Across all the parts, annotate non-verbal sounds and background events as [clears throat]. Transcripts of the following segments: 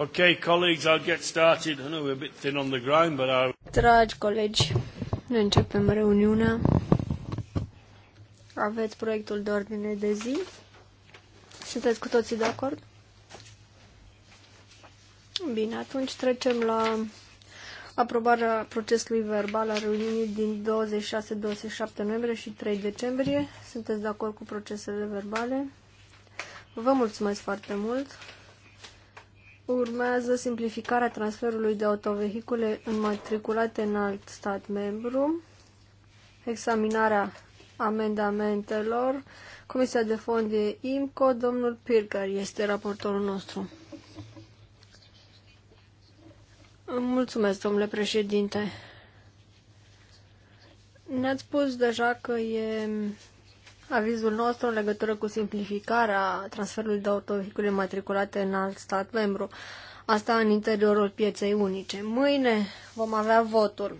Okay, colleagues, I'll get started. I know we're a bit thin on the ground, but I'll... Dragi colegi, ne începem reuniunea. Aveți proiectul de ordine de zi? Sunteți cu toții de acord? Bine, atunci trecem la aprobarea procesului verbal a reuniunii din 26-27 noiembrie și 3 decembrie. Sunteți de acord cu procesele verbale? Vă mulțumesc foarte mult! Urmează simplificarea transferului de autovehicule înmatriculate în alt stat membru, examinarea amendamentelor, Comisia de Fond de IMCO, domnul Pircar este raportorul nostru. Mulțumesc, domnule președinte. Ne-ați spus deja că e Avizul nostru în legătură cu simplificarea transferului de autovehicule matriculate în alt stat membru, asta în interiorul pieței unice. Mâine vom avea votul.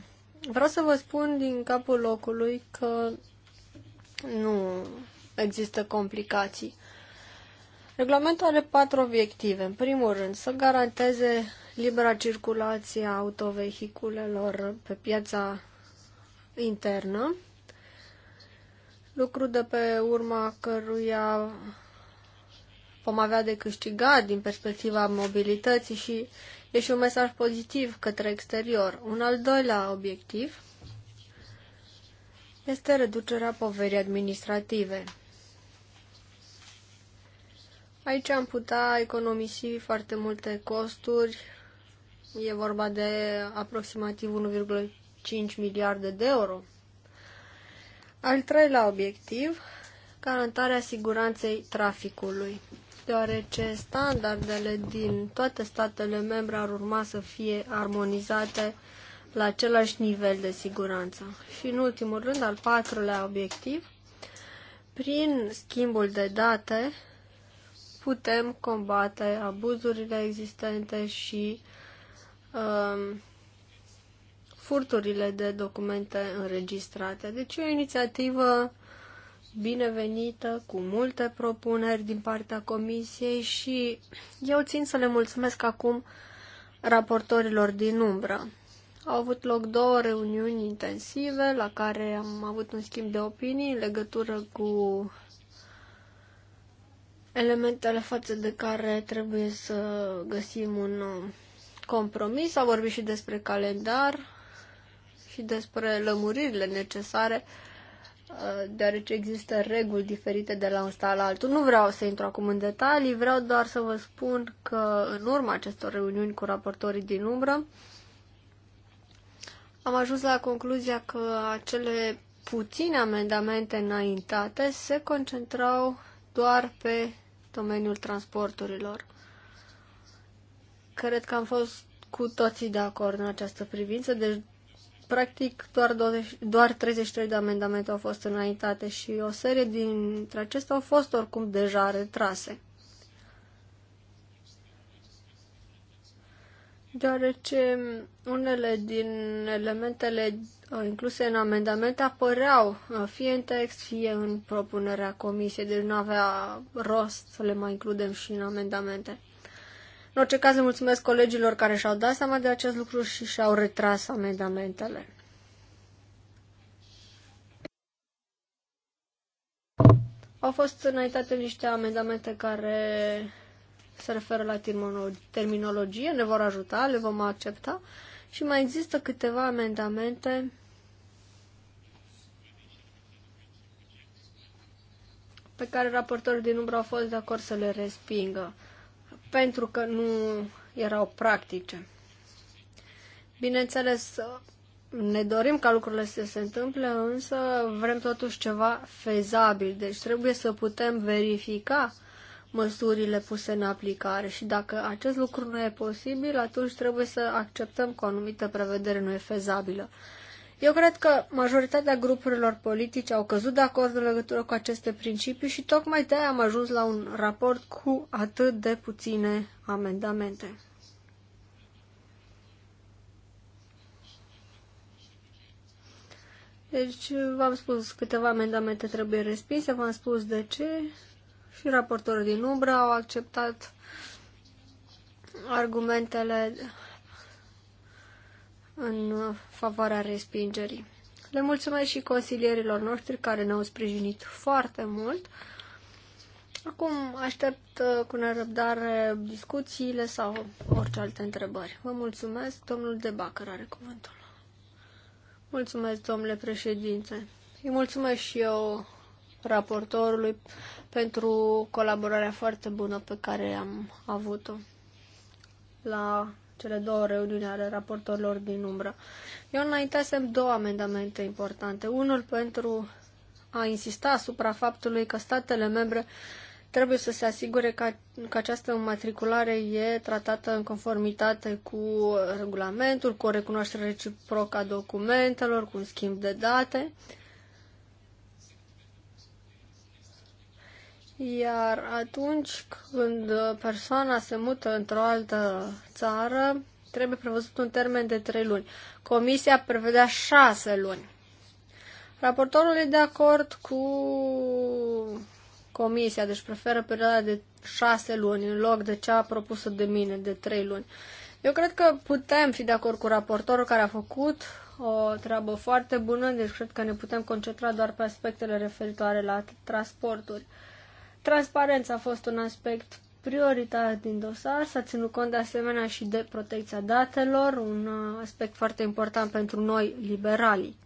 Vreau să vă spun din capul locului că nu există complicații. Regulamentul are patru obiective. În primul rând, să garanteze libera circulație a autovehiculelor pe piața internă, lucru de pe urma căruia vom avea de câștigat din perspectiva mobilității și e și un mesaj pozitiv către exterior. Un al doilea obiectiv este reducerea poverii administrative. Aici am putea economisi foarte multe costuri. E vorba de aproximativ 1,5 miliarde de euro al treilea obiectiv, garantarea siguranței traficului, deoarece standardele din toate statele membre ar urma să fie armonizate la același nivel de siguranță. Și în ultimul rând, al patrulea obiectiv, prin schimbul de date putem combate abuzurile existente și uh, furturile de documente înregistrate. Deci o inițiativă binevenită, cu multe propuneri din partea comisiei și eu țin să le mulțumesc acum raportorilor din umbră. Au avut loc două reuniuni intensive la care am avut un schimb de opinii în legătură cu elementele față de care trebuie să găsim un uh, compromis. Au vorbit și despre calendar, și despre lămuririle necesare, uh, deoarece există reguli diferite de la un stat la altul. Nu vreau să intru acum în detalii, vreau doar să vă spun că în urma acestor reuniuni cu raportorii din umbră, am ajuns la concluzia că acele puține amendamente înaintate se concentrau doar pe domeniul transporturilor. Cred că am fost cu toții de acord în această privință, deci practic, doar, 20, doar 33 de amendamente au fost înaintate și o serie dintre acestea au fost oricum deja retrase. Deoarece unele din elementele uh, incluse în amendamente apăreau uh, fie în text, fie în propunerea comisiei, deci nu avea rost să le mai includem și în amendamente. În orice caz, le mulțumesc colegilor care și-au dat seama de acest lucru și și-au retras amendamentele. Au fost înaintate niște amendamente care se referă la terminologie, ne vor ajuta, le vom accepta și mai există câteva amendamente pe care raportorii din umbră au fost de acord să le respingă pentru că nu erau practice. Bineînțeles, ne dorim ca lucrurile să se întâmple, însă vrem totuși ceva fezabil, deci trebuie să putem verifica măsurile puse în aplicare și dacă acest lucru nu e posibil, atunci trebuie să acceptăm că o anumită prevedere nu e fezabilă. Eu cred că majoritatea grupurilor politice au căzut de acord în legătură cu aceste principii și tocmai de-aia am ajuns la un raport cu atât de puține amendamente. Deci, v-am spus, câteva amendamente trebuie respinse, v-am spus de ce și raportorul din umbră au acceptat argumentele în favoarea respingerii. Le mulțumesc și consilierilor noștri care ne-au sprijinit foarte mult. Acum aștept uh, cu nerăbdare discuțiile sau orice alte întrebări. Vă mulțumesc, domnul De Bacăr are cuvântul. Mulțumesc, domnule președinte. Îi mulțumesc și eu raportorului pentru colaborarea foarte bună pe care am avut-o la cele două reuniuni ale raportorilor din umbră. Eu înaintasem două amendamente importante. Unul pentru a insista asupra faptului că statele membre trebuie să se asigure că, că această matriculare e tratată în conformitate cu regulamentul, cu o recunoaștere reciprocă a documentelor, cu un schimb de date. Uh, Iar atunci când persoana se mută într-o altă țară, trebuie prevăzut un termen de trei luni. Comisia prevedea șase luni. Raportorul e de acord cu comisia, deci preferă perioada de șase luni în loc de cea propusă de mine, de trei luni. Eu cred că putem fi de acord cu raportorul care a făcut o treabă foarte bună, deci cred că ne putem concentra doar pe aspectele referitoare la transporturi. Transparența a fost un aspect prioritar din dosar, s-a ținut cont de asemenea și de protecția datelor, un uh, aspect foarte important pentru noi, liberalii.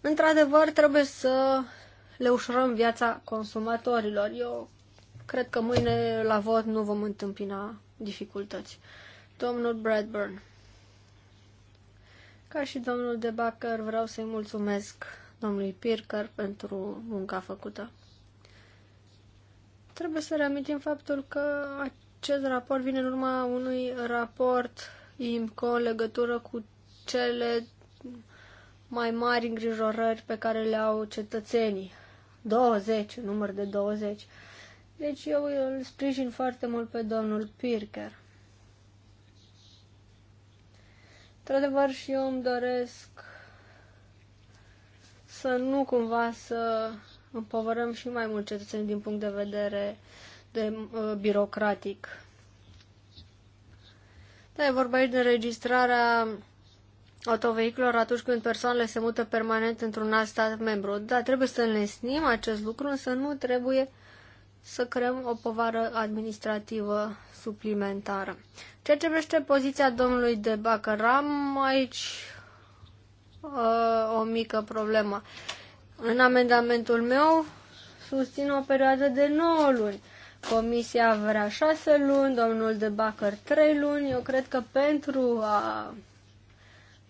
Într-adevăr, trebuie să le ușurăm viața consumatorilor. Eu cred că mâine la vot nu vom întâmpina dificultăți. Domnul Bradburn. Ca și domnul de Bacher, vreau să-i mulțumesc domnului Pirker pentru munca făcută. Trebuie să reamintim faptul că acest raport vine în urma unui raport IMCO în legătură cu cele mai mari îngrijorări pe care le au cetățenii. 20, număr de 20. Deci eu îl sprijin foarte mult pe domnul Pirker. Într-adevăr și eu îmi doresc să nu cumva să împovărăm și mai mult cetățenii din punct de vedere de, uh, birocratic. Da, e vorba aici de înregistrarea autovehiculor atunci când persoanele se mută permanent într-un alt stat membru. Da, trebuie să înlesnim acest lucru, însă nu trebuie să creăm o povară administrativă suplimentară. Ceea ce privește poziția domnului de Bacaram, aici uh, o mică problemă. Uh, în amendamentul meu susțin o perioadă de 9 luni. Comisia vrea 6 luni, domnul de Bacăr 3 luni. Eu cred că pentru a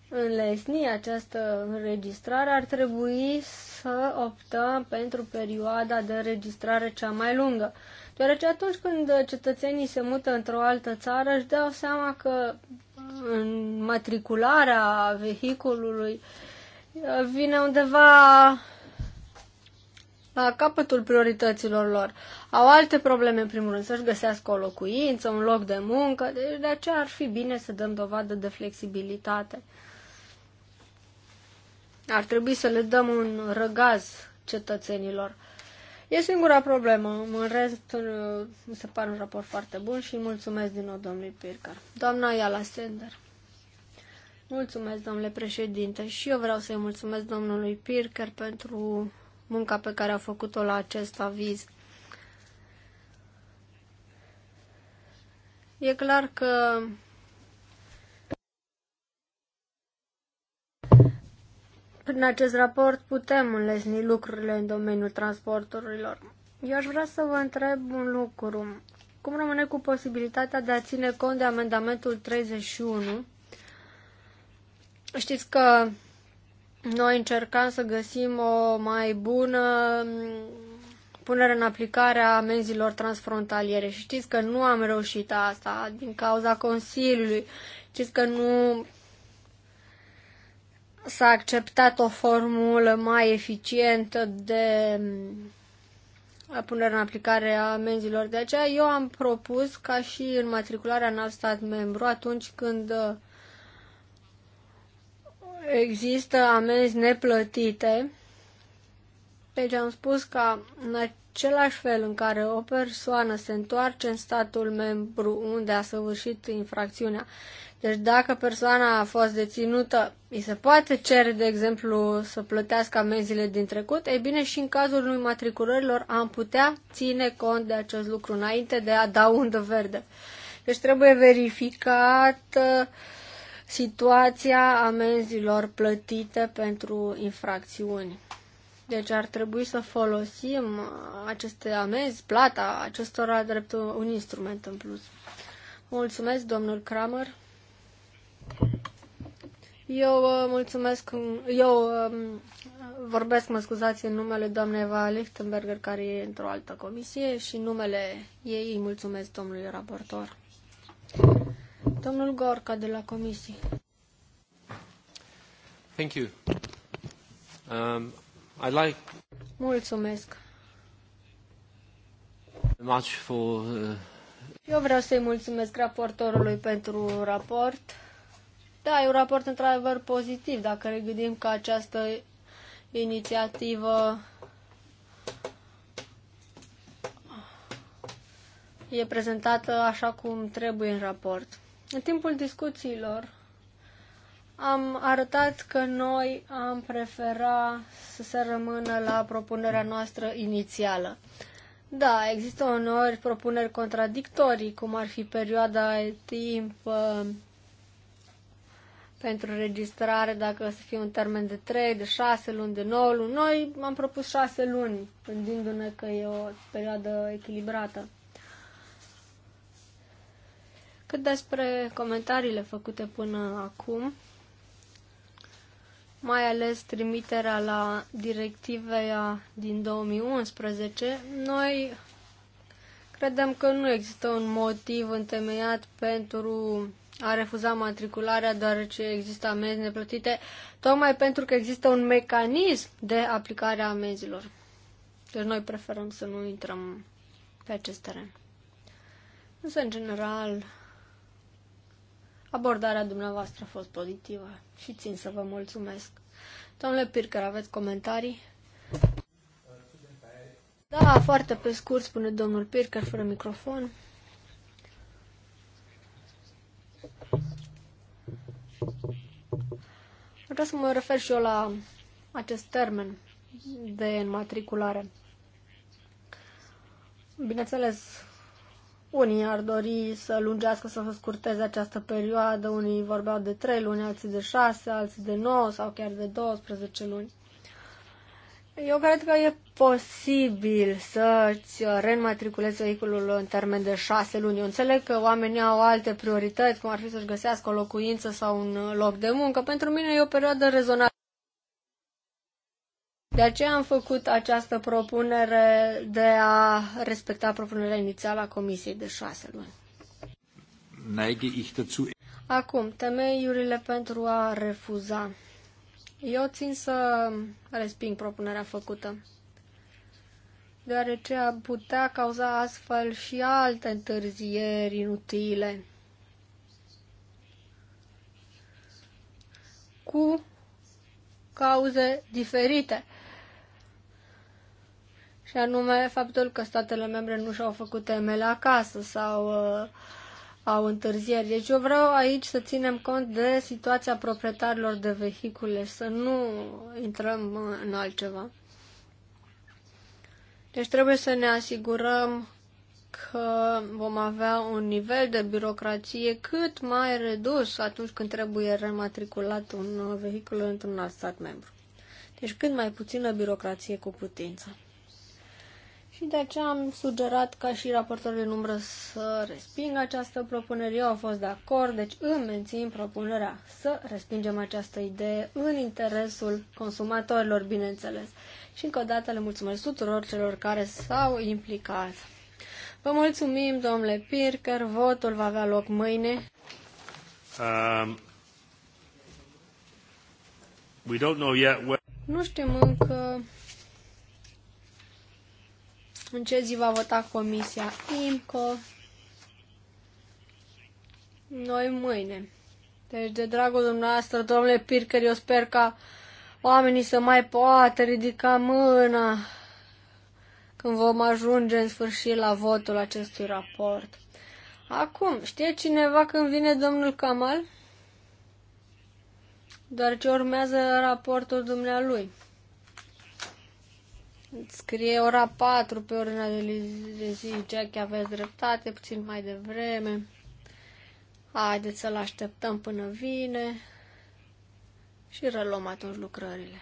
înlesni această înregistrare ar trebui să optăm pentru perioada de înregistrare cea mai lungă. Deoarece atunci când cetățenii se mută într-o altă țară, își dau seama că în matricularea vehiculului uh, vine undeva la capătul priorităților lor. Au alte probleme, în primul rând, să-și găsească o locuință, un loc de muncă, deci de aceea ar fi bine să dăm dovadă de flexibilitate. Ar trebui să le dăm un răgaz cetățenilor. E singura problemă. În rest, uh, mi se pare un raport foarte bun și mulțumesc din nou domnului Pircar. Doamna Iala Sender. Mulțumesc, domnule președinte, și eu vreau să-i mulțumesc domnului Pircar pentru munca pe care a făcut-o la acest aviz. E clar că prin acest raport putem înlesni lucrurile în domeniul transporturilor. Eu aș vrea să vă întreb un lucru. Cum rămâne cu posibilitatea de a ține cont de amendamentul 31? Știți că noi încercăm să găsim o mai bună punere în aplicare a amenzilor transfrontaliere și știți că nu am reușit asta din cauza Consiliului. Știți că nu s-a acceptat o formulă mai eficientă de punere în aplicare a amenzilor. De aceea eu am propus ca și în matricularea în alt stat membru, atunci când există amenzi neplătite. Deci am spus că în același fel în care o persoană se întoarce în statul membru unde a săvârșit infracțiunea, deci dacă persoana a fost deținută, îi se poate cere, de exemplu, să plătească amenziile din trecut, ei bine, și în cazul unui matriculărilor am putea ține cont de acest lucru înainte de a da undă verde. Deci trebuie verificat uh, situația amenzilor plătite pentru infracțiuni. Deci ar trebui să folosim aceste amenzi, plata acestora drept un instrument în plus. Mulțumesc, domnul Kramer. Eu uh, mulțumesc, eu um, vorbesc, mă scuzați, în numele doamnei Eva Lichtenberger, care e într-o altă comisie și numele ei îi mulțumesc domnului raportor. Domnul Gorca de la Comisie. Thank you. Um, I like... Mulțumesc. Much for, uh... Eu vreau să-i mulțumesc raportorului pentru raport. Da, e un raport într-adevăr pozitiv, dacă ne gândim că această inițiativă e prezentată așa cum trebuie în raport. În timpul discuțiilor am arătat că noi am prefera să se rămână la propunerea noastră inițială. Da, există uneori propuneri contradictorii, cum ar fi perioada de timp uh, pentru registrare, dacă să fie un termen de 3, de 6 luni, de 9 luni. Noi am propus 6 luni, gândindu-ne că e o perioadă echilibrată. Cât despre comentariile făcute până acum, mai ales trimiterea la directivea din 2011, noi credem că nu există un motiv întemeiat pentru a refuza matricularea deoarece există amenzi neplătite, tocmai pentru că există un mecanism de aplicare a amenzilor. Deci noi preferăm să nu intrăm pe acest teren. Însă, în general, Abordarea dumneavoastră a fost pozitivă și țin să vă mulțumesc. Domnule Pircăr, aveți comentarii? Da, foarte pe scurt, spune domnul Pircăr, fără microfon. Vreau să mă refer și eu la acest termen de înmatriculare. Bineînțeles, unii ar dori să lungească, să scurteze această perioadă, unii vorbeau de 3 luni, alții de 6, alții de 9 sau chiar de 12 luni. Eu cred că e posibil să-ți reînmatriculezi vehiculul în termen de șase luni. Eu înțeleg că oamenii au alte priorități, cum ar fi să-și găsească o locuință sau un loc de muncă. Pentru mine e o perioadă rezonabilă. De aceea am făcut această propunere de a respecta propunerea inițială a Comisiei de șase luni. Acum, temeiurile pentru a refuza. Eu țin să resping propunerea făcută, deoarece a putea cauza astfel și alte întârzieri inutile. Cu cauze diferite și anume faptul că statele membre nu și-au făcut temele acasă sau uh, au întârzieri. Deci eu vreau aici să ținem cont de situația proprietarilor de vehicule și să nu intrăm în altceva. Deci trebuie să ne asigurăm că vom avea un nivel de birocrație cât mai redus atunci când trebuie rematriculat un vehicul într-un alt stat membru. Deci cât mai puțină birocrație cu putință. Și de aceea am sugerat ca și raportorul în umbră să respingă această propunere. Eu am fost de acord, deci îmi mențin propunerea să respingem această idee în interesul consumatorilor, bineînțeles. Și încă o dată le mulțumesc tuturor celor care s-au implicat. Vă mulțumim, domnule Pirker, votul va avea loc mâine. Um, we don't know yet where... Nu știm încă în ce zi va vota Comisia IMCO. Noi mâine. Deci, de dragul dumneavoastră, domnule Pircăr, eu sper ca oamenii să mai poată ridica mâna când vom ajunge în sfârșit la votul acestui raport. Acum, știe cineva când vine domnul Kamal? Doar ce urmează raportul dumnealui scrie ora 4 pe ordinea de zi, că aveți dreptate, puțin mai devreme. Haideți să-l așteptăm până vine și reluăm atunci lucrările.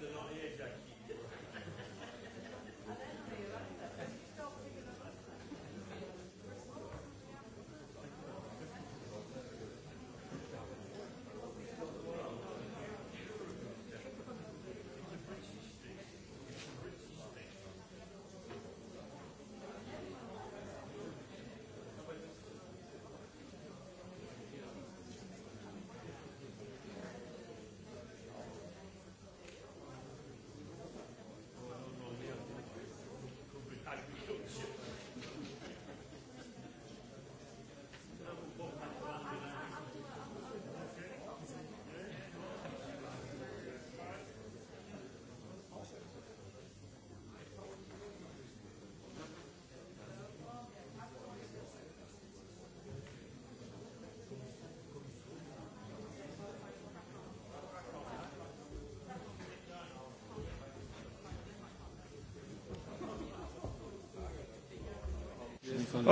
de l'an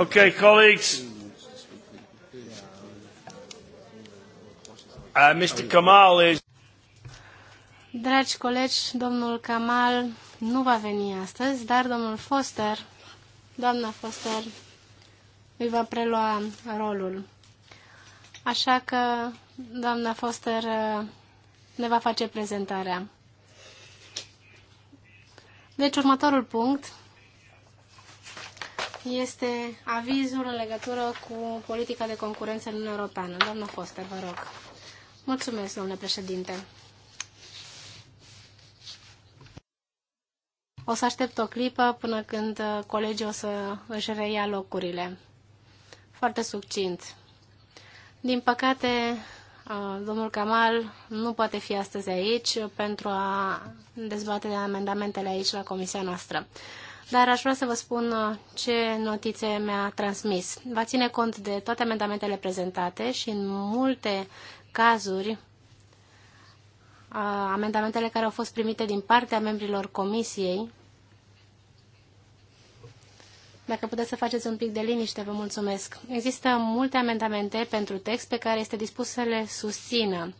Okay, colleagues. Uh, Mr. Kamal is... Dragi colegi, domnul Kamal nu va veni astăzi, dar domnul Foster, doamna Foster, îi va prelua rolul. Așa că doamna Foster uh, ne va face prezentarea. Deci, următorul punct este avizul în legătură cu politica de concurență în Uniunea Europeană. Doamna Foster, vă rog. Mulțumesc, domnule președinte. O să aștept o clipă până când uh, colegii o să își reia locurile. Foarte succint. Din păcate, uh, domnul Kamal nu poate fi astăzi aici pentru a dezbate de amendamentele aici la comisia noastră dar aș vrea să vă spun uh, ce notițe mi-a transmis. Va ține cont de toate amendamentele prezentate și în multe cazuri uh, amendamentele care au fost primite din partea membrilor comisiei. Dacă puteți să faceți un pic de liniște, vă mulțumesc. Există multe amendamente pentru text pe care este dispus să le susțină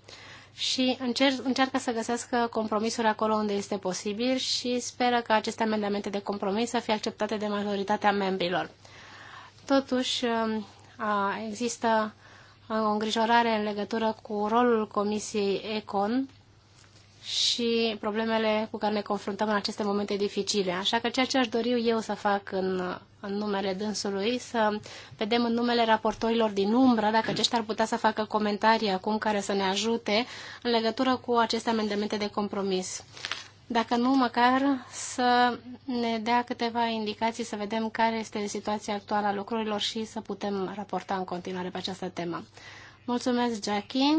și încer- încearcă să găsească compromisuri acolo unde este posibil și speră că aceste amendamente de compromis să fie acceptate de majoritatea membrilor. Totuși, um, există o îngrijorare în legătură cu rolul Comisiei ECON și problemele cu care ne confruntăm în aceste momente dificile. Așa că ceea ce aș dori eu să fac în în numele dânsului, să vedem în numele raportorilor din umbră dacă aceștia ar putea să facă comentarii acum care să ne ajute în legătură cu aceste amendamente de compromis. Dacă nu, măcar să ne dea câteva indicații să vedem care este situația actuală a lucrurilor și să putem raporta în continuare pe această temă. Mulțumesc, Jackie.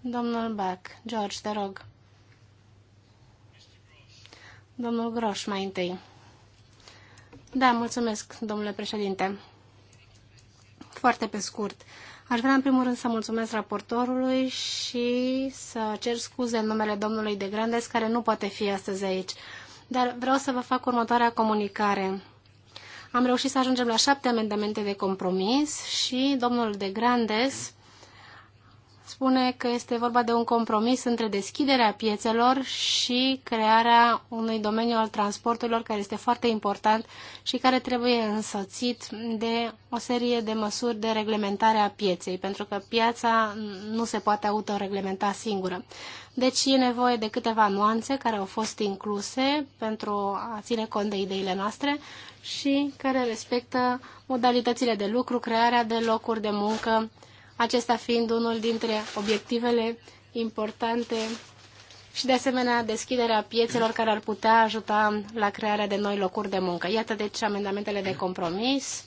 Domnul Bac, George, te rog. Domnul Groș, mai întâi. Da, mulțumesc, domnule președinte. Foarte pe scurt. Aș vrea, în primul rând, să mulțumesc raportorului și să cer scuze în numele domnului de Grandes, care nu poate fi astăzi aici. Dar vreau să vă fac următoarea comunicare. Am reușit să ajungem la șapte amendamente de compromis și domnul de Grandes spune că este vorba de un compromis între deschiderea piețelor și crearea unui domeniu al transporturilor care este foarte important și care trebuie însoțit de o serie de măsuri de reglementare a pieței, pentru că piața nu se poate autoreglementa singură. Deci e nevoie de câteva nuanțe care au fost incluse pentru a ține cont de ideile noastre și care respectă modalitățile de lucru, crearea de locuri de muncă, acesta fiind unul dintre obiectivele importante și, de asemenea, deschiderea piețelor care ar putea ajuta la crearea de noi locuri de muncă. Iată, deci, amendamentele de compromis.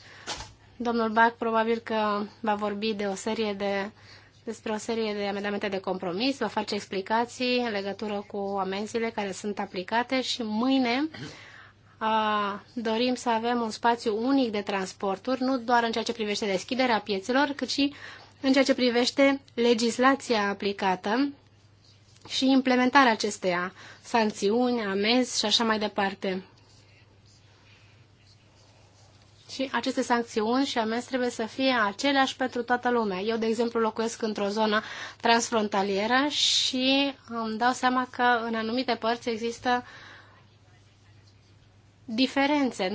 Domnul Bac probabil că va vorbi de o serie de, despre o serie de amendamente de compromis, va face explicații în legătură cu amenziile care sunt aplicate și mâine a, dorim să avem un spațiu unic de transporturi, nu doar în ceea ce privește deschiderea piețelor, cât și în ceea ce privește legislația aplicată și implementarea acesteia, sancțiuni, amenzi și așa mai departe. Și aceste sancțiuni și amenzi trebuie să fie aceleași pentru toată lumea. Eu, de exemplu, locuiesc într-o zonă transfrontalieră și îmi dau seama că în anumite părți există uh, diferențe.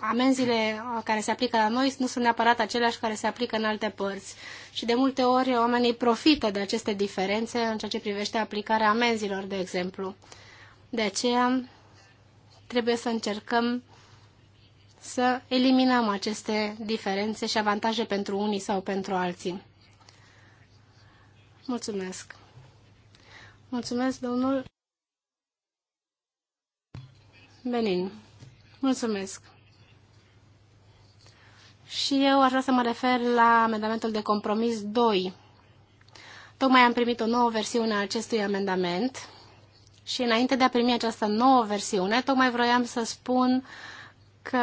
Amenziile care se aplică la noi nu sunt neapărat aceleași care se aplică în alte părți. Și de multe ori oamenii profită de aceste diferențe în ceea ce privește aplicarea amenzilor, de exemplu. De aceea trebuie să încercăm să eliminăm aceste diferențe și avantaje pentru unii sau pentru alții. Mulțumesc. Mulțumesc, domnul Benin. Mulțumesc. Și eu aș vrea să mă refer la amendamentul de compromis 2. Tocmai am primit o nouă versiune a acestui amendament și înainte de a primi această nouă versiune, tocmai vroiam să spun că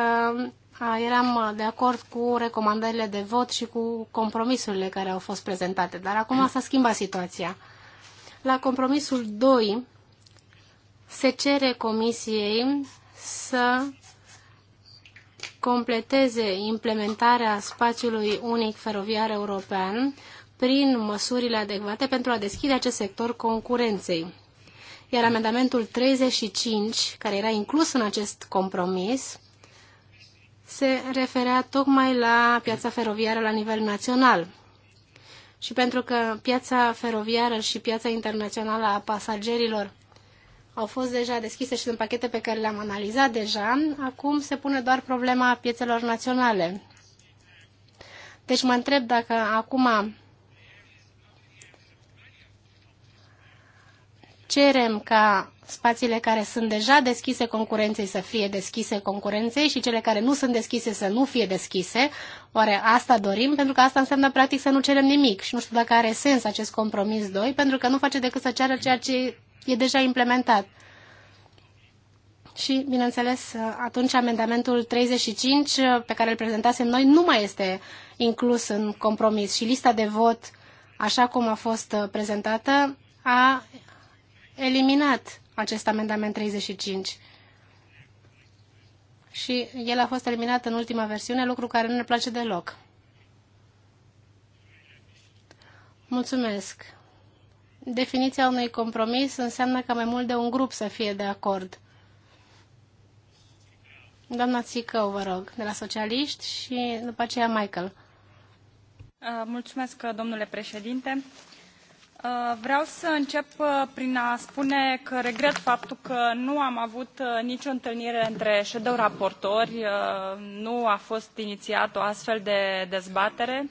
eram de acord cu recomandările de vot și cu compromisurile care au fost prezentate, dar acum s-a schimbat situația. La compromisul 2 se cere comisiei să completeze implementarea spațiului unic feroviar european prin măsurile adecvate pentru a deschide acest sector concurenței. Iar amendamentul 35, care era inclus în acest compromis, se referea tocmai la piața feroviară la nivel național. Și pentru că piața feroviară și piața internațională a pasagerilor au fost deja deschise și sunt pachete pe care le-am analizat deja. Acum se pune doar problema piețelor naționale. Deci mă întreb dacă acum cerem ca spațiile care sunt deja deschise concurenței să fie deschise concurenței și cele care nu sunt deschise să nu fie deschise. Oare asta dorim? Pentru că asta înseamnă practic să nu cerem nimic și nu știu dacă are sens acest compromis 2, pentru că nu face decât să ceară ceea ce e deja implementat. Și, bineînțeles, atunci amendamentul 35 pe care îl prezentasem noi nu mai este inclus în compromis și lista de vot, așa cum a fost prezentată, a eliminat acest amendament 35. Și el a fost eliminat în ultima versiune, lucru care nu ne place deloc. Mulțumesc definiția unui compromis înseamnă ca mai mult de un grup să fie de acord. Doamna Țicău, vă rog, de la Socialiști și după aceea Michael. Uh, mulțumesc, domnule președinte. Uh, vreau să încep uh, prin a spune că regret faptul că nu am avut nicio întâlnire între shadow raportori, nu a fost inițiat o astfel de dezbatere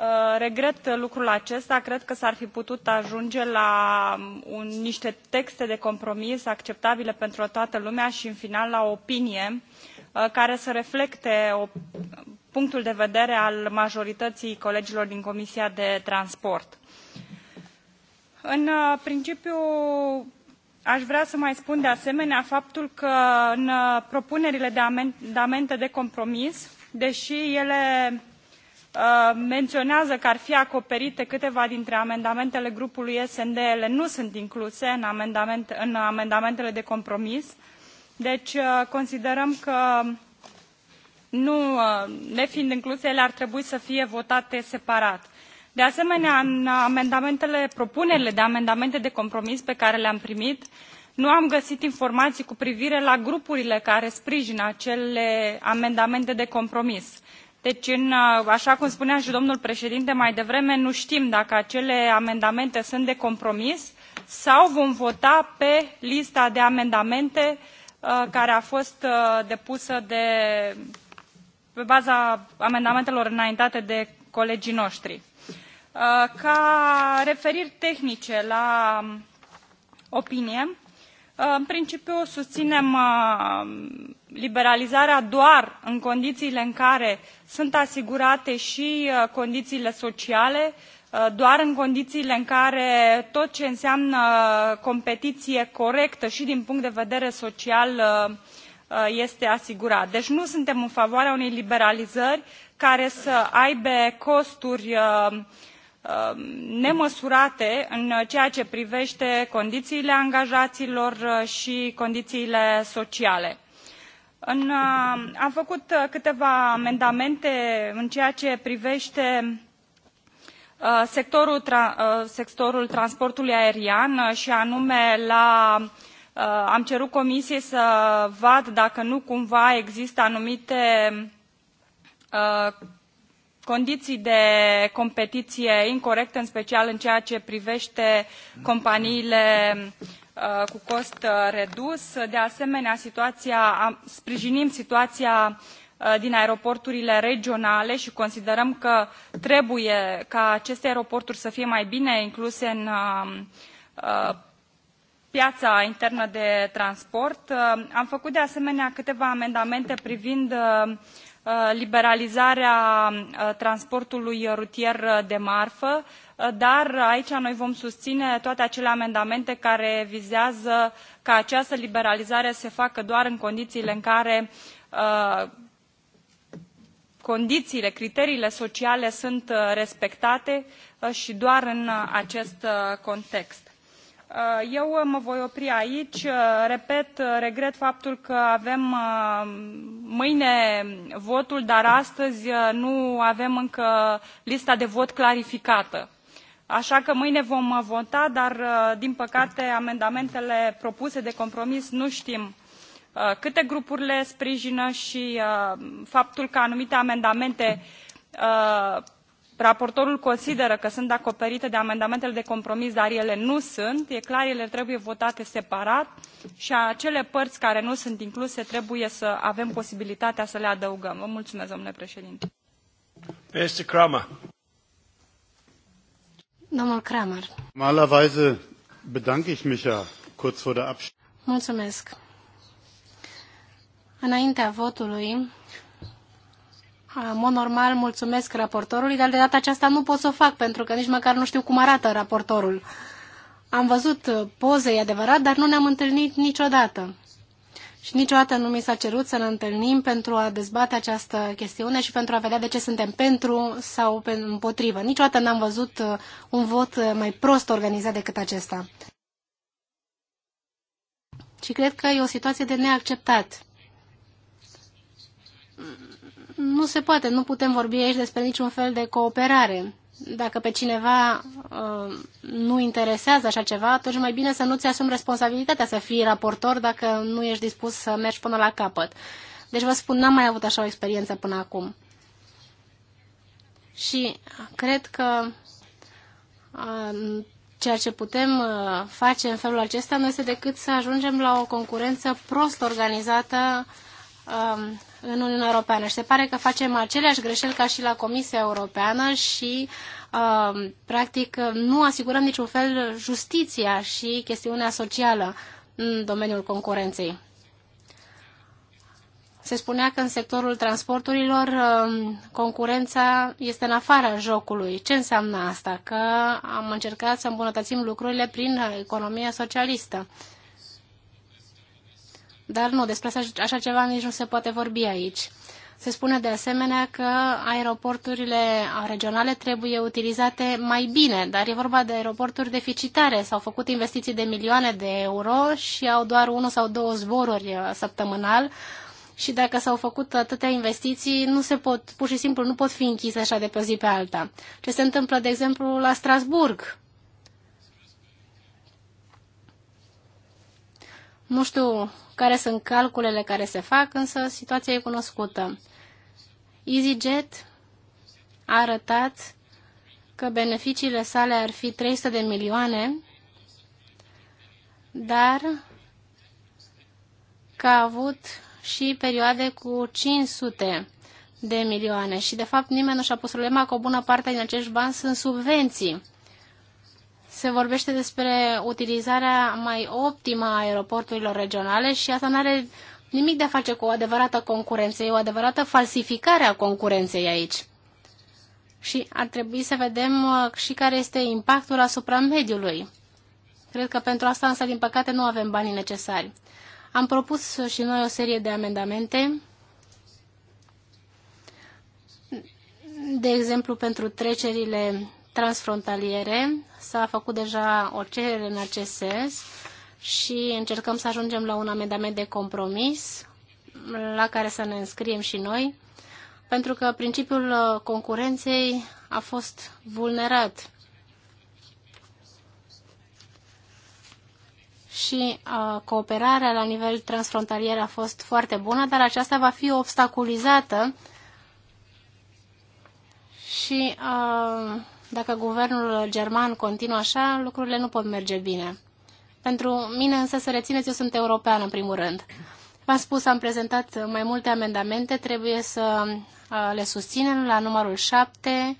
Uh, regret lucrul acesta cred că s ar fi putut ajunge la um, nite niște texte de compromis acceptabile pentru toată lumea și în final la o opinie uh, care să reflecte punctul de vedere al majorității colegilor din comisia de transport. în uh, principiu aș vrea să mai spun de asemenea faptul că în propunerile de amendamente de compromis deși ele Uh, menionează că ar fi acoperite câteva dintre amendamentele grupului sd ele nu sunt incluse în, amendamentele de compromis deci uh, considerăm că nu, uh, nefiind incluse ele ar trebui să fie votate separat. de asemenea în amendamentele propunerile de amendamente de compromis pe care le am primit nu am găsit informaii cu privire la grupurile care sprijină acele amendamente de compromis deci, uh, așa cum spunea și domnul președinte mai devreme, nu știm dacă acele amendamente sunt de compromis sau vom vota pe lista de amendamente uh, care a fost uh, depusă de, pe baza amendamentelor înaintate de colegii noștri. Ca referiri tehnice la um, opinie, în principiu susținem liberalizarea doar în condițiile în care sunt asigurate și uh, condițiile sociale uh, doar în condițiile în care tot ce înseamnă uh, competiție corectă și din punct de vedere social este asigurat. Deci nu suntem în favoarea unei liberalizări care să aibă costuri nemăsurate în ceea ce privește condițiile angajaților și condițiile sociale. Uh, am făcut uh, câteva amendamente în ceea ce privește uh, sectorul, transportului aerian și anume am cerut comisiei să vadă dacă nu cumva există anumite condiții de competiție incorrecte, în special în ceea ce privește companiile Uh, cu cost uh, redus. De asemenea, situația, sprijinim situația uh, din aeroporturile regionale și considerăm că trebuie ca aceste aeroporturi să fie mai bine incluse în piața internă de transport. Am făcut de asemenea câteva amendamente privind liberalizarea transportului rutier de marfă, dar aici noi vom susține toate acele amendamente care vizează ca această liberalizare să se facă doar în condițiile în care uh, condițiile, criteriile sociale sunt uh, respectate uh, și doar în acest context. Eu mă voi opri aici. Repet, regret faptul că avem mâine votul, dar astăzi nu avem încă lista de vot clarificată așa că mâine vom uh, vota dar uh, din păcate amendamentele propuse de compromis nu știm uh, câte grupuri le sprijină și faptul că anumite amendamente raportorul consideră că sunt acoperite de amendamentele de compromis dar ele nu sunt e clar ele trebuie votate separat și acele părți care nu sunt incluse trebuie să avem posibilitatea să le adăugăm. Vă mulțumesc, domnule președinte. Domnul Kramer. Malerweise bedanke ich mich ja kurz vor der Abstimmung. Mulțumesc. Înaintea votului, în mod normal, mulțumesc raportorului, dar de data aceasta nu pot să o fac, pentru că nici măcar nu știu cum arată raportorul. Am văzut uh, poze, e adevărat, dar nu ne-am întâlnit niciodată și niciodată nu mi s-a cerut să ne întâlnim pentru a dezbate această chestiune și pentru a vedea de ce suntem pentru sau împotrivă. Niciodată n-am văzut uh, un vot uh, mai prost organizat decât acesta. Și cred că e o situație de neacceptat. Nu se poate, nu putem vorbi aici despre niciun fel de cooperare dacă pe cineva uh, nu interesează așa ceva, atunci mai bine să nu-ți asumi responsabilitatea să fii raportor dacă nu ești dispus să mergi până la capăt. Deci vă spun, n-am mai avut așa o experiență până acum. Și cred că uh, ceea ce putem uh, face în felul acesta nu este decât să ajungem la o concurență prost organizată uh, um, în Uniunea Europeană. Și se pare că facem aceleași greșeli ca și la Comisia Europeană și, um, practic, nu asigurăm niciun fel justiția și chestiunea socială în domeniul concurenței. Se spunea că în sectorul transporturilor um, concurența este în afara jocului. Ce înseamnă asta? Că am încercat să îmbunătățim lucrurile prin economia socialistă. Dar nu, despre așa ceva nici nu se poate vorbi aici. Se spune de asemenea că aeroporturile regionale trebuie utilizate mai bine, dar e vorba de aeroporturi deficitare. S-au făcut investiții de milioane de euro și au doar unul sau două zboruri uh, săptămânal și dacă s-au făcut atâtea investiții, nu se pot, pur și simplu nu pot fi închise așa de pe o zi pe alta. Ce se întâmplă, de exemplu, la Strasburg? Nu știu care sunt calculele care se fac, însă situația e cunoscută. EasyJet a arătat că beneficiile sale ar fi 300 de milioane, dar că a avut și perioade cu 500 de milioane și de fapt nimeni nu și-a pus problema că o bună parte din acești bani sunt subvenții se vorbește despre utilizarea mai optimă a aeroporturilor regionale și asta nu are nimic de a face cu o adevărată concurență, e o adevărată falsificare a concurenței aici. Și ar trebui să vedem uh, și care este impactul asupra mediului. Cred că pentru asta însă, din păcate, nu avem banii necesari. Am propus și noi o serie de amendamente, de exemplu pentru trecerile transfrontaliere. S-a făcut deja o cerere în acest sens și încercăm să ajungem la un amendament de compromis la care să ne înscriem și noi, pentru că principiul uh, concurenței a fost vulnerat. și uh, cooperarea la nivel transfrontalier a fost foarte bună, dar aceasta va fi obstaculizată și uh, dacă guvernul german continuă așa, lucrurile nu pot merge bine. Pentru mine însă să rețineți, eu sunt europeană în primul rând. V-am spus, am prezentat mai multe amendamente, trebuie să uh, le susținem la numărul 7,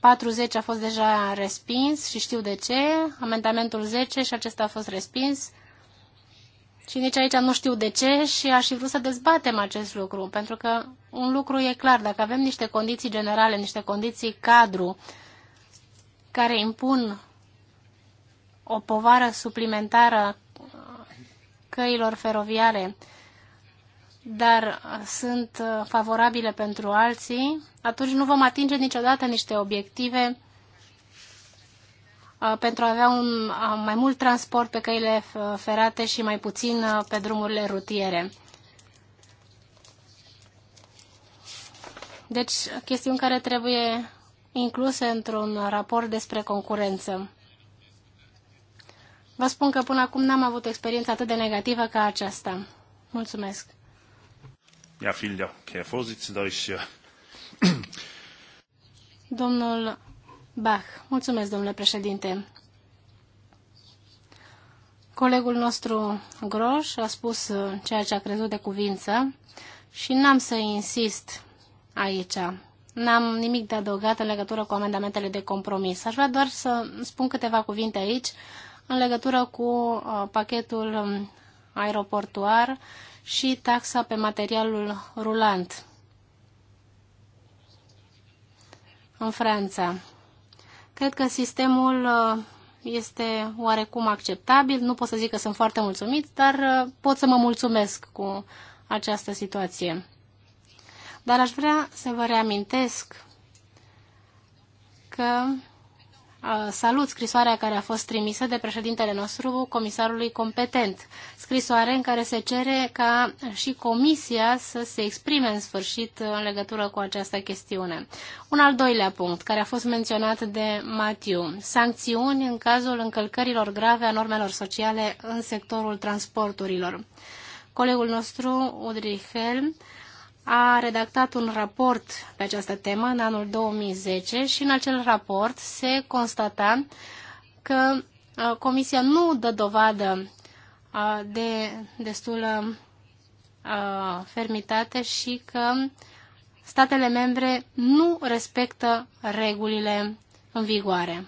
40 uh, a fost deja respins și știu de ce, amendamentul 10 și acesta a fost respins și nici aici nu știu de ce și aș fi vrut să dezbatem acest lucru, pentru că un lucru e clar, dacă avem niște condiții generale, niște condiții cadru, uh, care impun o povară suplimentară căilor feroviare, dar sunt uh, favorabile pentru alții, atunci nu vom atinge niciodată niște obiective uh, pentru a avea un, uh, mai mult transport pe căile ferate și mai puțin pe drumurile rutiere. Deci, chestiuni care trebuie incluse într-un raport despre concurență. Vă spun că până acum n-am avut experiență atât de negativă ca aceasta. Mulțumesc. Ja, vielen Dank, Herr Vorsitzender. Ich, äh, Domnul Bach. Mulțumesc, domnule președinte. Colegul nostru Groș a spus uh, ceea ce a crezut de cuvință și n-am să insist aici. N-am nimic de adăugat în legătură cu amendamentele de compromis. Aș vrea doar să spun câteva cuvinte aici în legătură cu uh, pachetul um, aeroportuar și taxa pe materialul rulant în Franța. Cred că sistemul uh, este oarecum acceptabil. Nu pot să zic că sunt foarte mulțumit, dar uh, pot să mă mulțumesc cu această situație. Dar aș vrea să vă reamintesc că salut scrisoarea care a fost trimisă de președintele nostru, comisarului competent. Scrisoare în care se cere ca și comisia să se exprime în sfârșit în legătură cu această chestiune. Un al doilea punct, care a fost menționat de Matiu, sancțiuni în cazul încălcărilor grave a normelor sociale în sectorul transporturilor. Colegul nostru, Udrihel, a redactat un raport pe această temă în anul 2010 și în acel raport se constata că uh, Comisia nu dă dovadă uh, de destulă uh, fermitate și că statele membre nu respectă regulile în vigoare.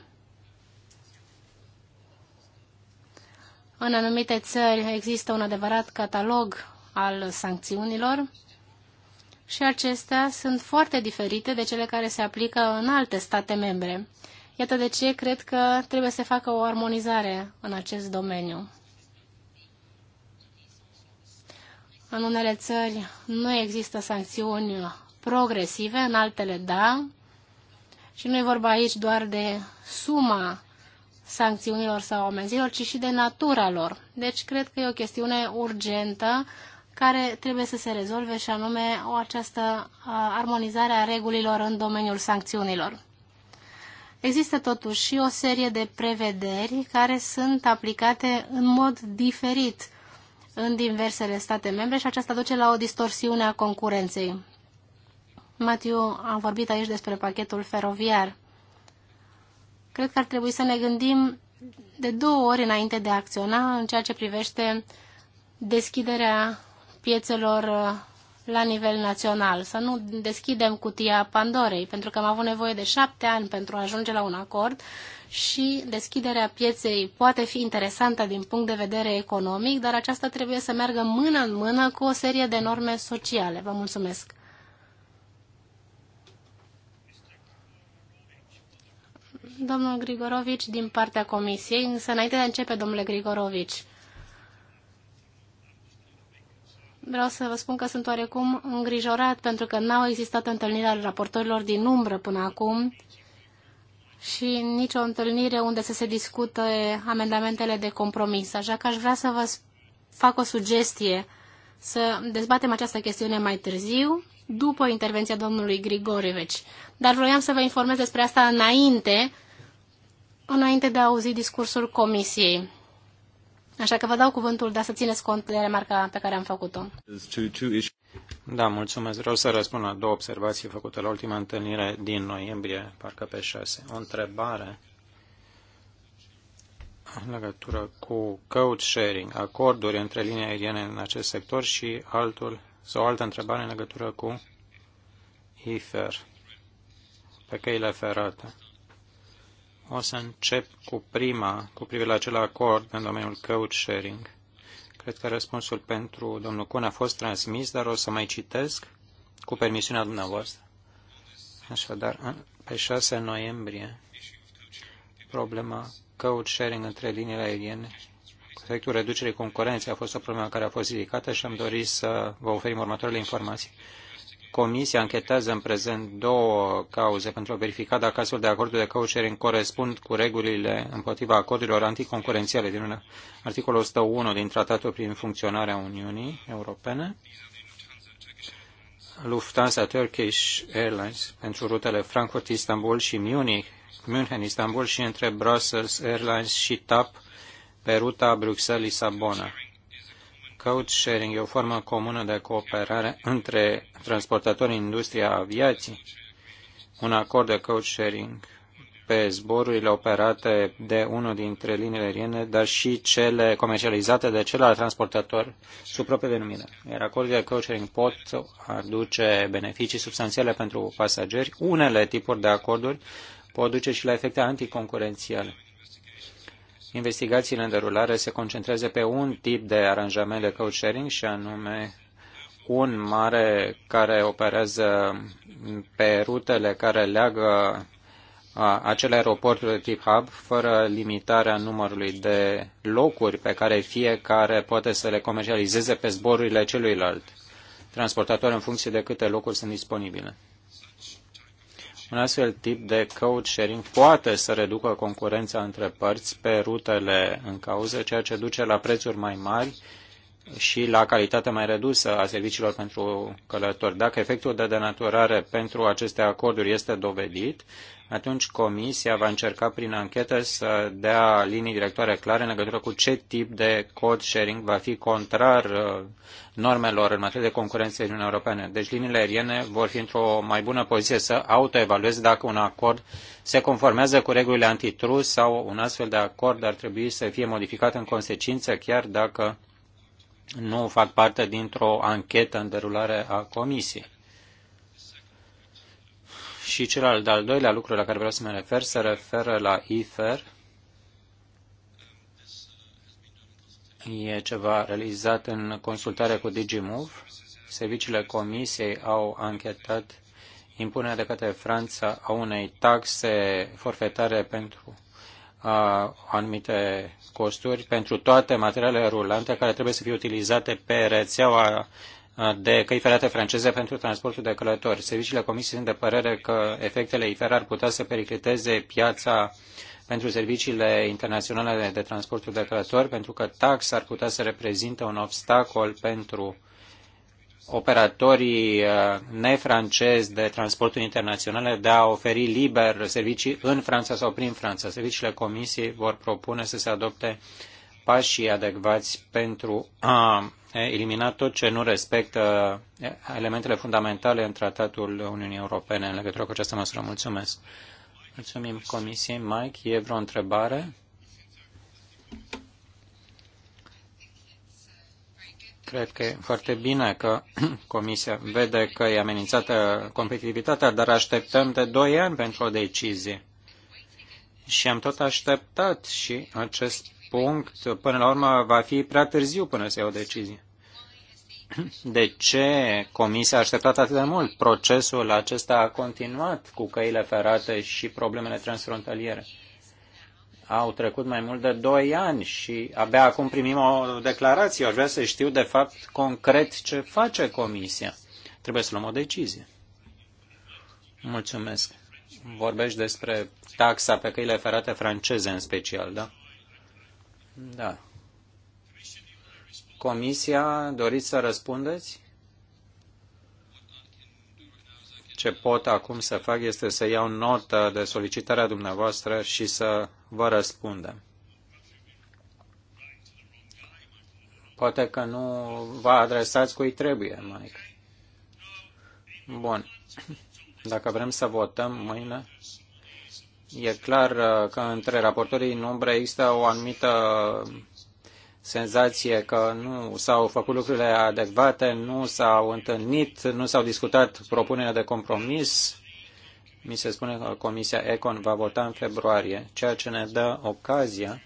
În anumite țări există un adevărat catalog al sancțiunilor și acestea sunt foarte diferite de cele care se aplică în alte state membre. Iată de ce cred că trebuie să facă o armonizare în acest domeniu. În unele țări nu există sancțiuni progresive, în altele da. Și nu e vorba aici doar de suma sancțiunilor sau amenzilor, ci și de natura lor. Deci cred că e o chestiune urgentă care trebuie să se rezolve și anume o această armonizare a regulilor în domeniul sancțiunilor. Există totuși și o serie de prevederi care sunt aplicate în mod diferit în diversele state membre și aceasta duce la o distorsiune a concurenței. Matiu, am vorbit aici despre pachetul feroviar. Cred că ar trebui să ne gândim de două ori înainte de a acționa în ceea ce privește deschiderea piețelor uh, la nivel național, să nu deschidem cutia Pandorei, pentru că am avut nevoie de șapte ani pentru a ajunge la un acord și deschiderea pieței poate fi interesantă din punct de vedere economic, dar aceasta trebuie să meargă mână în mână cu o serie de norme sociale. Vă mulțumesc! Domnul Grigorovici din partea Comisiei, însă înainte de a începe, domnule Grigorovici, vreau să vă spun că sunt oarecum îngrijorat pentru că n-au existat întâlniri ale raportorilor din umbră până acum și nicio întâlnire unde să se discută amendamentele de compromis. Așa că aș vrea să vă fac o sugestie să dezbatem această chestiune mai târziu, după intervenția domnului Grigoreveci. Dar vroiam să vă informez despre asta înainte, înainte de a auzi discursul comisiei. Așa că vă dau cuvântul, dar să țineți cont de remarca pe care am făcut-o. Da, mulțumesc. Vreau să răspund la două observații făcute la ultima întâlnire din noiembrie, parcă pe 6. O întrebare în legătură cu code sharing, acorduri între linii aeriene în acest sector și altul, sau altă întrebare în legătură cu IFER, pe căile ferate. O să încep cu prima, cu privire la acel acord în domeniul code sharing. Cred că răspunsul pentru domnul Cun a fost transmis, dar o să mai citesc cu permisiunea dumneavoastră. Așadar, pe 6 noiembrie, problema code sharing între liniile aeriene cu efectul reducerii concurenței a fost o problemă care a fost ridicată și am dorit să vă oferim următoarele informații. Comisia închetează în prezent două cauze pentru a verifica dacă cazul de acorduri de co-sharing corespund cu regulile împotriva acordurilor anticoncurențiale din articolul 101 din Tratatul privind funcționarea Uniunii Europene. Lufthansa Turkish Airlines pentru rutele Frankfurt-Istanbul și Munich, München-Istanbul și între Brussels Airlines și TAP pe ruta Bruxelles-Lisabona. Couch sharing e o formă comună de cooperare între transportatori, în industria aviației. Un acord de couch sharing pe zborurile operate de unul dintre liniile aeriene, dar și cele comercializate de celălalt transportator sub proprie denumire. Iar acordurile de co-sharing pot aduce beneficii substanțiale pentru pasageri. Unele tipuri de acorduri pot duce și la efecte anticoncurențiale investigațiile în derulare se concentrează pe un tip de aranjament de couchsharing și anume un mare care operează pe rutele care leagă acele aeroporturi de tip hub, fără limitarea numărului de locuri pe care fiecare poate să le comercializeze pe zborurile celuilalt transportator în funcție de câte locuri sunt disponibile. Un astfel tip de code sharing poate să reducă concurența între părți pe rutele în cauză, ceea ce duce la prețuri mai mari și la calitatea mai redusă a serviciilor pentru călători. Dacă efectul de denaturare pentru aceste acorduri este dovedit, atunci Comisia va încerca prin anchetă să dea linii directoare clare în legătură cu ce tip de code sharing va fi contrar uh, normelor în materie de concurență în Uniunea Europeană. Deci liniile aeriene vor fi într-o mai bună poziție să autoevalueze dacă un acord se conformează cu regulile antitrust sau un astfel de acord ar trebui să fie modificat în consecință chiar dacă nu fac parte dintr-o anchetă în derulare a comisiei. Și celălalt, de-al doilea lucru la care vreau să mă refer se referă la IFER. E ceva realizat în consultare cu DigiMove. Serviciile comisiei au anchetat impunerea de către Franța a unei taxe forfetare pentru a, anumite costuri pentru toate materialele rulante care trebuie să fie utilizate pe rețeaua de căi ferate franceze pentru transportul de călători. Serviciile Comisiei sunt de părere că efectele IFER ar putea să pericliteze piața pentru serviciile internaționale de transportul de călători, pentru că tax ar putea să reprezinte un obstacol pentru operatorii uh, nefrancezi de transporturi internaționale de a oferi liber servicii în Franța sau prin Franța. Serviciile Comisiei vor propune să se adopte pașii adecvați pentru a eh, elimina tot ce nu respectă eh, elementele fundamentale în Tratatul Uniunii Europene în legătură cu această măsură. Mulțumesc. Mulțumim Comisiei. Mike, e vreo întrebare? Cred că e foarte bine că [clears throat] Comisia vede că e amenințată competitivitatea, dar așteptăm de 2 ani pentru o decizie. Și am tot așteptat și acest punct, până la urmă, va fi prea târziu până să ia o decizie. [clears throat] De ce Comisia a așteptat atât de mult? Procesul acesta a continuat cu căile ferate și problemele transfrontaliere. Au trecut mai mult de 2 ani și abia acum primim o declarație. Aș vrea să știu, de fapt, concret ce face Comisia. Trebuie să luăm o decizie. Mulțumesc. Vorbești despre taxa pe căile ferate franceze în special, da? Da. Comisia, doriți să răspundeți? Ce pot acum să fac este să iau notă de solicitarea dumneavoastră și să vă răspundem. Poate că nu vă adresați cui trebuie, Mike. Bun. Dacă vrem să votăm mâine, e clar uh, că între raportorii în umbră există o anumită senzație că nu s-au făcut lucrurile adecvate, nu s-au întâlnit, nu s-au discutat propunerea de compromis mi se spune că Comisia Econ va vota în februarie, ceea ce ne dă ocazia,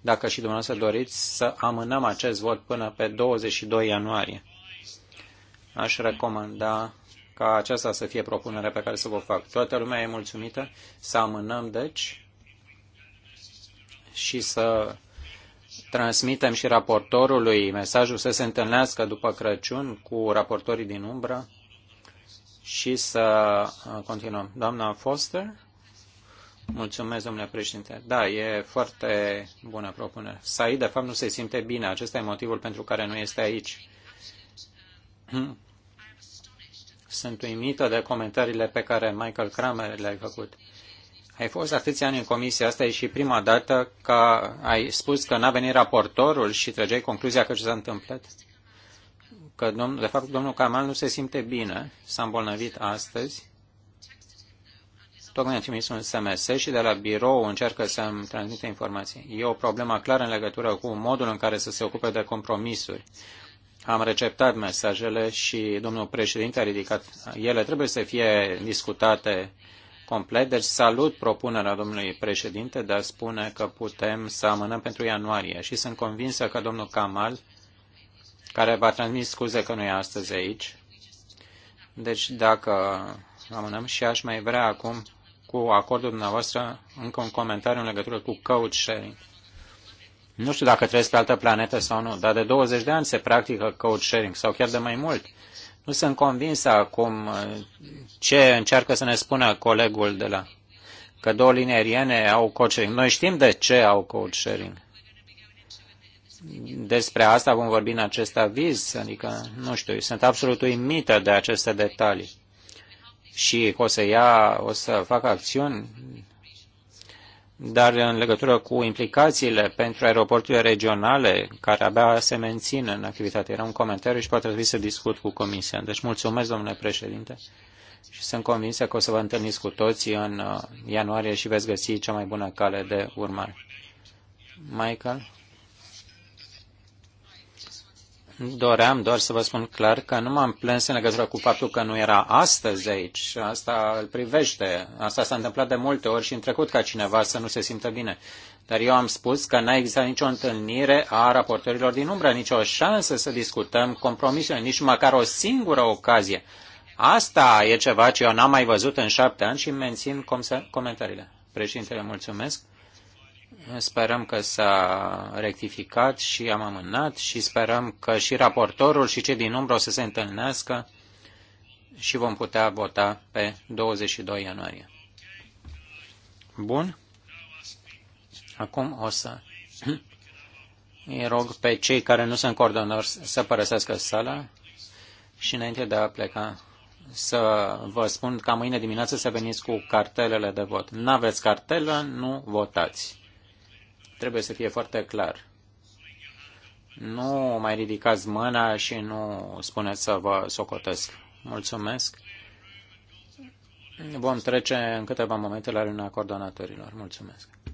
dacă și dumneavoastră doriți, să amânăm acest vot până pe 22 ianuarie. Aș recomanda ca aceasta să fie propunerea pe care să vă fac. Toată lumea e mulțumită să amânăm, deci, și să transmitem și raportorului mesajul să se întâlnească după Crăciun cu raportorii din umbră și să uh, continuăm. Doamna Foster? Mulțumesc, domnule președinte. Da, e foarte bună propunere. Said, de fapt, nu se simte bine. Acesta e motivul pentru care nu este aici. [clears throat] Sunt uimită de comentariile pe care Michael Kramer le a făcut. Ai fost atâția ani în comisie, asta e și prima dată că ai spus că n-a venit raportorul și trăgeai concluzia că ce s-a întâmplat că, domn, de fapt, domnul Kamal nu se simte bine, s-a îmbolnăvit astăzi, tocmai am trimis un SMS și de la birou încearcă să-mi transmită informații. E o problemă clară în legătură cu modul în care să se ocupe de compromisuri. Am receptat mesajele și domnul președinte a ridicat. Ele trebuie să fie discutate complet, deci salut propunerea domnului președinte de a spune că putem să amânăm pentru ianuarie și sunt convinsă că domnul Kamal care va transmis scuze că nu e astăzi aici. Deci dacă amânăm și aș mai vrea acum cu acordul dumneavoastră încă un comentariu în legătură cu coach sharing. Nu știu dacă trăiesc pe altă planetă sau nu, dar de 20 de ani se practică coach sharing sau chiar de mai mult. Nu sunt convins acum ce încearcă să ne spună colegul de la că două linii aeriene au coach sharing. Noi știm de ce au coach sharing despre asta vom vorbi în acest aviz, adică, nu știu, sunt absolut uimită de aceste detalii. Și o să ia, o să facă acțiuni, dar în legătură cu implicațiile pentru aeroporturile regionale, care abia se mențin în activitate. Era un comentariu și poate trebui să discut cu Comisia. Deci mulțumesc, domnule președinte, și sunt convinsă că o să vă întâlniți cu toții în uh, ianuarie și veți găsi cea mai bună cale de urmare. Michael? Doream doar să vă spun clar că nu m-am plâns în legătură cu faptul că nu era astăzi aici. Asta îl privește. Asta s-a întâmplat de multe ori și în trecut ca cineva să nu se simtă bine. Dar eu am spus că n-a existat nicio întâlnire a raportorilor din umbră, nicio șansă să discutăm compromisurile, nici măcar o singură ocazie. Asta e ceva ce eu n-am mai văzut în șapte ani și mențin comentariile. Președintele, mulțumesc. Sperăm că s-a rectificat și am amânat și sperăm că și raportorul și cei din umbră o să se întâlnească și vom putea vota pe 22 ianuarie. Bun. Acum o să [clears throat] îi rog pe cei care nu sunt coordonori să părăsească sala și înainte de a pleca să vă spun ca mâine dimineață să veniți cu cartelele de vot. N-aveți cartelă, nu votați trebuie să fie foarte clar. Nu mai ridicați mâna și nu spuneți să vă socotesc. Mulțumesc. Vom trece în câteva momente la luna coordonatorilor. Mulțumesc.